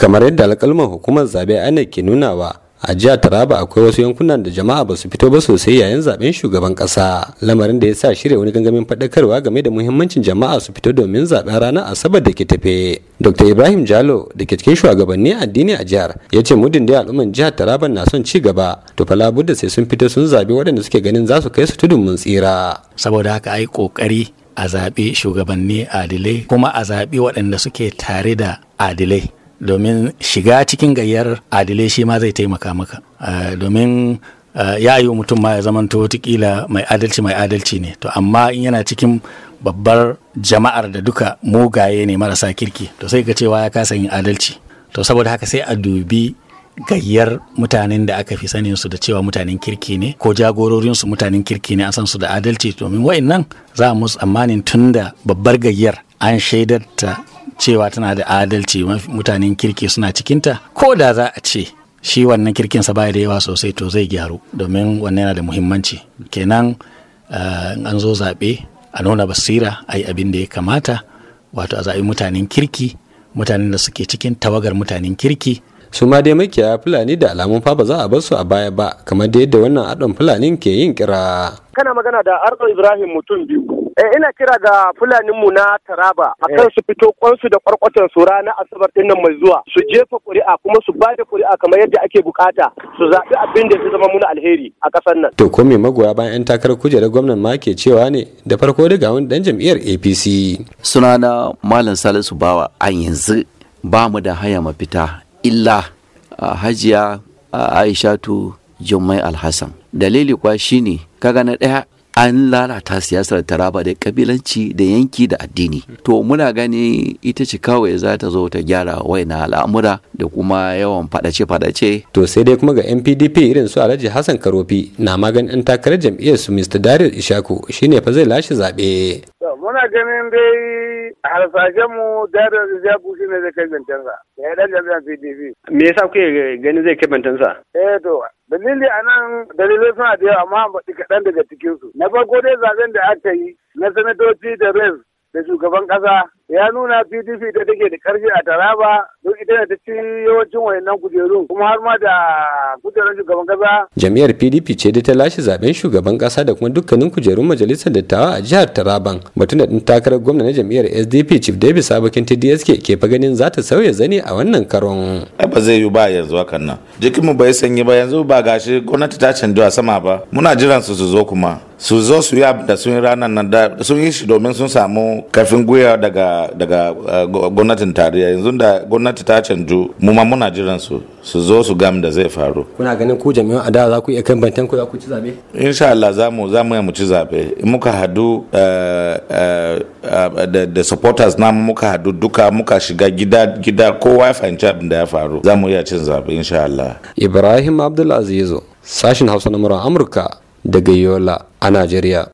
kamar yadda alƙalman hukumar zabe INEC ke nunawa a jihar taraba akwai wasu yankunan da jama'a ba su fito ba sosai yayin zaben shugaban ƙasa lamarin da ya sa shirya wani gangamin faɗakarwa game da muhimmancin jama'a su fito domin zaben ranar asabar da ke tafe dr ibrahim jalo da ke cikin shugabanni addini a jihar ya ce muddin da al'umman jihar taraba na son ci gaba to fa labudda sai sun fito sun zabi waɗanda suke ganin za su kai su tudun mun tsira saboda haka ai kokari a zaɓi shugabanni adilai kuma a zaɓi waɗanda suke tare da adilai domin shiga cikin gayyar adile shi ma zai taimaka maka eh, domin eh, ya yi mutum ma ya zamanto watakila mai adalci mai adalci ne to amma in yana cikin babbar jama'ar da duka mugaye ne marasa kirki to sai ka cewa ya kasa yin adalci to saboda haka sai a dubi gayyar mutanen da aka fi sanin su da cewa mutanen kirki ne ko jagororin su mutanen kirki ne an san su da adalci domin wa'annan za mu tsammanin da babbar gayyar an shaidar ta cewa tana da adalci mutanen kirki suna cikinta ko da za a ce shi wannan kirkinsa baya da yawa sosai to zai gyaru domin wannan yana da muhimmanci kenan eh, an zo zaɓe a nuna basira a yi abin da ya kamata wato a zaɓi mutanen kirki mutanen da suke cikin tawagar mutanen kirki su ma dai makiyaya fulani da alamun fa ba za a bar su a baya ba kamar da yadda wannan adon fulanin ke yin kira kana magana da arzo ibrahim mutum biyu eh, ina kira ga fulanin mu na taraba a kan eh. su fito kwansu da kwarkwatan su rana asabar din nan mai zuwa su jefa kuri'a kuma su ba da kuri'a kamar yadda ake bukata su zaɓi abin da ya zama muna alheri a ƙasar nan to ko me magoya bayan yan takarar kujerar gwamnan ma ke cewa ne da farko daga wani dan jam'iyyar apc sunana malam salisu bawa a yanzu ba mu da haya mafita illa a hajiya a aishatu jummai alhassan dalili kwa shine kaga na ɗaya an lalata siyasar taraba da kabilanci da yanki da addini to muna gani ita ce kawai za ta zo ta gyara waina al'amura da kuma yawan fadace-fadace to sai dai kuma ga npdp irin su alhaji hassan karofi na maganin takarar jam'iyyar su mr darir ishaku shine fa zai lashe zaɓe muna ganin dai harsashen mu da jabu bushe ne zai kai bantansa ya yi dan jami'an pdp me yasa kuke ganin zai kai bantansa eh to dalili a nan dalilai suna da yawa amma ba ɗi kaɗan daga cikinsu na farko dai zaben da aka yi na sanatoci da res da shugaban ƙasa ya nuna pdp da take da karfi a taraba duk ita da ci yawancin wayannan kujerun kuma har ma da kujerun shugaban kasa jami'ar pdp ce da ta lashe zaben shugaban kasa da kuma dukkanin kujerun majalisar dattawa a jihar taraban batun da din takarar gwamna na jami'ar sdp chief davis sabakin tdsk ke fa ganin za ta sauya zane a wannan karon ba zai yi ba yanzu hakan nan jikin mu bai sanyi ba yanzu ba gashi gwamnati ta a sama ba muna jiran su su zo kuma su zo su yi da sun yi ranar nan da sun yi shi domin sun samu kafin gwiwa daga daga eh, gwamnatin tarayya yanzu da gwamnati ta canju mu ma muna jiran su su zo su gam da zai faru kuna ganin ku jami'an adawa za ku iya kan bantan ku za ku ci zabe insha Allah za mu za mu ya mu ci zabe muka hadu eh, eh, da supporters na muka hadu duka muka shiga gida gida kowa ya fahimci abin da ya faru za mu iya cin zabe insha Allah Ibrahim Abdulaziz sashin Hausa na Amurka daga Yola a Najeriya